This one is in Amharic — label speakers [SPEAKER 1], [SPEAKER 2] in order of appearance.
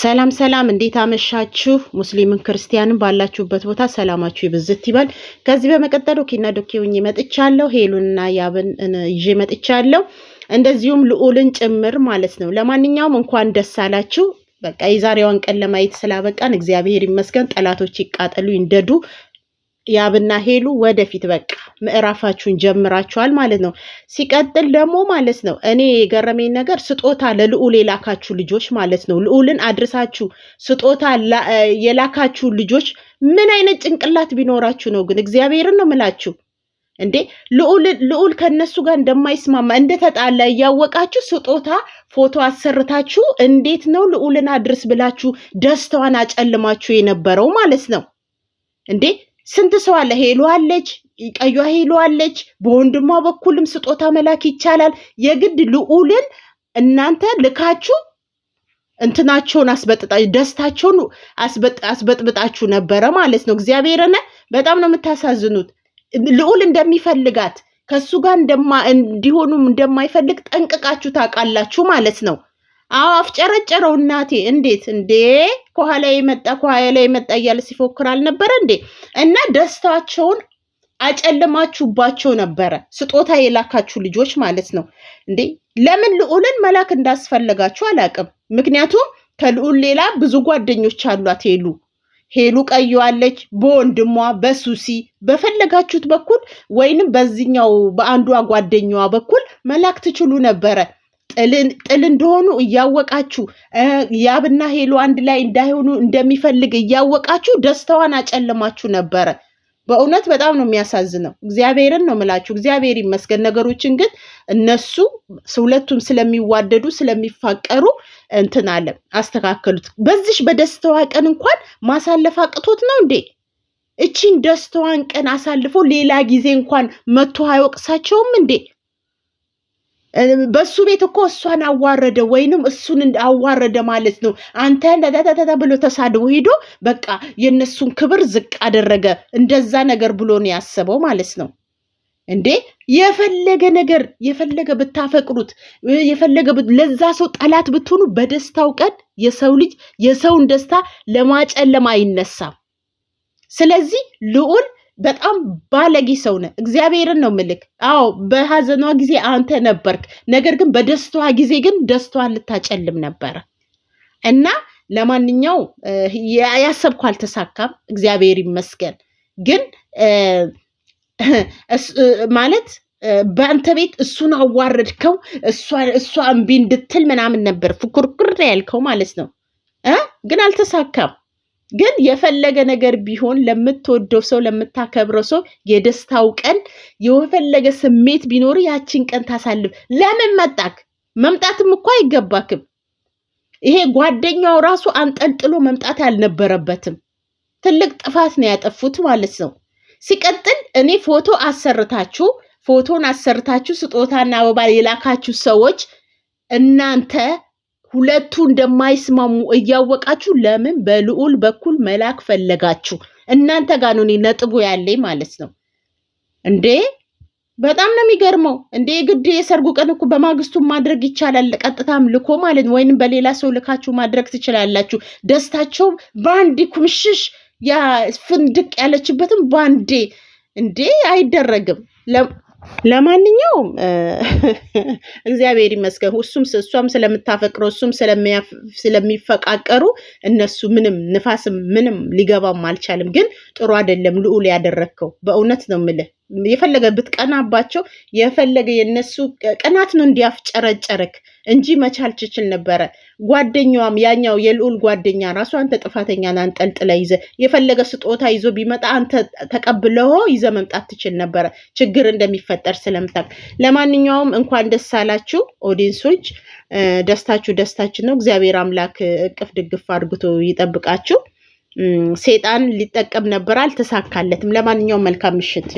[SPEAKER 1] ሰላም ሰላም፣ እንዴት አመሻችሁ? ሙስሊምን ክርስቲያንን ባላችሁበት ቦታ ሰላማችሁ ይብዝት ይበል። ከዚህ በመቀጠል ዶኪና ዶኪውኝ መጥቻለሁ። ሄሉንና ያብን ይዤ መጥቻለሁ፣ እንደዚሁም ልዑልን ጭምር ማለት ነው። ለማንኛውም እንኳን ደስ አላችሁ። በቃ የዛሬዋን ቀን ለማየት ስላበቃን እግዚአብሔር ይመስገን። ጠላቶች ይቃጠሉ ይንደዱ፣ ያብና ሄሉ ወደፊት በቃ ምዕራፋችሁን ጀምራችኋል ማለት ነው። ሲቀጥል ደግሞ ማለት ነው እኔ የገረመኝ ነገር ስጦታ ለልዑል የላካችሁ ልጆች ማለት ነው ልዑልን አድርሳችሁ ስጦታ የላካችሁ ልጆች ምን አይነት ጭንቅላት ቢኖራችሁ ነው ግን? እግዚአብሔርን ነው ምላችሁ እንዴ ልዑል ከነሱ ጋር እንደማይስማማ እንደተጣላ እያወቃችሁ ስጦታ ፎቶ አሰርታችሁ እንዴት ነው ልዑልን አድርስ ብላችሁ ደስታዋን አጨልማችሁ የነበረው ማለት ነው እንዴ? ስንት ሰው አለ። ሄሎ አለች፣ ቀዩ ሄሎ አለች። በወንድሟ በኩልም ስጦታ መላክ ይቻላል። የግድ ልዑልን እናንተ ልካችሁ እንትናቸውን አስበጥጣ ደስታቸውን አስበጥብጣችሁ ነበረ ማለት ነው። እግዚአብሔርን በጣም ነው የምታሳዝኑት። ልዑል እንደሚፈልጋት ከእሱ ጋር እንዲሆኑም እንደማይፈልግ ጠንቅቃችሁ ታውቃላችሁ ማለት ነው። አዎ አፍጨረጨረው። እናቴ እንዴት እንዴ! ከኋላ የመጣ ከኋላ ላይ የመጣ እያለ ሲፎክር አልነበረ እንዴ? እና ደስታቸውን አጨልማችሁባቸው ነበረ። ስጦታ የላካችሁ ልጆች ማለት ነው እንዴ! ለምን ልዑልን መላክ እንዳስፈለጋችሁ አላቅም። ምክንያቱም ከልዑል ሌላ ብዙ ጓደኞች አሏት ሄሉ ሄሉ ቀየዋለች በወንድሟ በሱሲ በፈለጋችሁት በኩል ወይንም በዚህኛው በአንዷ ጓደኛዋ በኩል መላክ ትችሉ ነበረ። ጥል እንደሆኑ እያወቃችሁ ያብና ሄሉ አንድ ላይ እንዳይሆኑ እንደሚፈልግ እያወቃችሁ ደስታዋን አጨልማችሁ ነበረ። በእውነት በጣም ነው የሚያሳዝነው። እግዚአብሔርን ነው ምላችሁ። እግዚአብሔር ይመስገን። ነገሮችን ግን እነሱ ሁለቱም ስለሚዋደዱ ስለሚፋቀሩ እንትን አለ አስተካከሉት። በዚሽ በደስታዋ ቀን እንኳን ማሳለፍ አቅቶት ነው እንዴ? እቺን ደስታዋን ቀን አሳልፎ ሌላ ጊዜ እንኳን መቶ አይወቅሳቸውም እንዴ? በሱ ቤት እኮ እሷን አዋረደ ወይንም እሱን አዋረደ ማለት ነው። አንተ እንደተተተ ብሎ ተሳድቦ ሄዶ በቃ የእነሱን ክብር ዝቅ አደረገ። እንደዛ ነገር ብሎ ነው ያሰበው ማለት ነው። እንዴ የፈለገ ነገር የፈለገ ብታፈቅሩት የፈለገ ለዛ ሰው ጠላት ብትሆኑ በደስታው ቀን የሰው ልጅ የሰውን ደስታ ለማጨለም አይነሳም። ስለዚህ ልዑል በጣም ባለጌ ሰው ነህ። እግዚአብሔርን ነው ምልክ። አዎ በሀዘኗ ጊዜ አንተ ነበርክ፣ ነገር ግን በደስታዋ ጊዜ ግን ደስታዋን ልታጨልም ነበረ እና ለማንኛው ያሰብኩ አልተሳካም፣ እግዚአብሔር ይመስገን። ግን ማለት በአንተ ቤት እሱን አዋረድከው፣ እሷ እምቢ እንድትል ምናምን ነበር ፉክርክር ያልከው ማለት ነው። ግን አልተሳካም። ግን የፈለገ ነገር ቢሆን ለምትወደው ሰው ለምታከብረው ሰው የደስታው ቀን የፈለገ ስሜት ቢኖር ያችን ቀን ታሳልፍ። ለምን መጣክ? መምጣትም እኮ አይገባክም። ይሄ ጓደኛው ራሱ አንጠልጥሎ መምጣት አልነበረበትም። ትልቅ ጥፋት ነው ያጠፉት ማለት ነው። ሲቀጥል እኔ ፎቶ አሰርታችሁ ፎቶን አሰርታችሁ ስጦታና አበባ የላካችሁ ሰዎች እናንተ ሁለቱ እንደማይስማሙ እያወቃችሁ ለምን በልዑል በኩል መላክ ፈለጋችሁ? እናንተ ጋር ነው እኔ ነጥቡ ያለኝ ማለት ነው። እንዴ በጣም ነው የሚገርመው። እንዴ ግድ የሰርጉ ቀን እኮ በማግስቱ ማድረግ ይቻላል። ቀጥታም ልኮ ማለት ወይንም በሌላ ሰው ልካችሁ ማድረግ ትችላላችሁ። ደስታቸው በአንድ ኩምሽሽ ያ ፍንድቅ ያለችበትም በአንዴ እንዴ አይደረግም። ለማንኛውም እግዚአብሔር ይመስገን እሱም እሷም ስለምታፈቅረው እሱም ስለሚፈቃቀሩ እነሱ ምንም ንፋስም ምንም ሊገባም አልቻልም። ግን ጥሩ አይደለም ልዑል ያደረግከው፣ በእውነት ነው ምልህ። የፈለገ ብትቀናባቸው የፈለገ የነሱ ቅናት ነው እንዲያፍጨረጨርክ እንጂ መቻል ትችል ነበረ። ጓደኛዋም ያኛው የልዑል ጓደኛ ራሱ አንተ ጥፋተኛ ጥፋተኛን አንጠልጥለ ይዘ የፈለገ ስጦታ ይዞ ቢመጣ አንተ ተቀብለሆ ይዘ መምጣት ትችል ነበረ፣ ችግር እንደሚፈጠር ስለምታቅ። ለማንኛውም እንኳን ደስ አላችሁ ኦዲንሶች፣ ደስታችሁ ደስታችን ነው። እግዚአብሔር አምላክ እቅፍ ድግፍ አድርግቶ ይጠብቃችሁ። ሴጣን ሊጠቀም ነበር፣ አልተሳካለትም። ለማንኛውም መልካም ምሽት።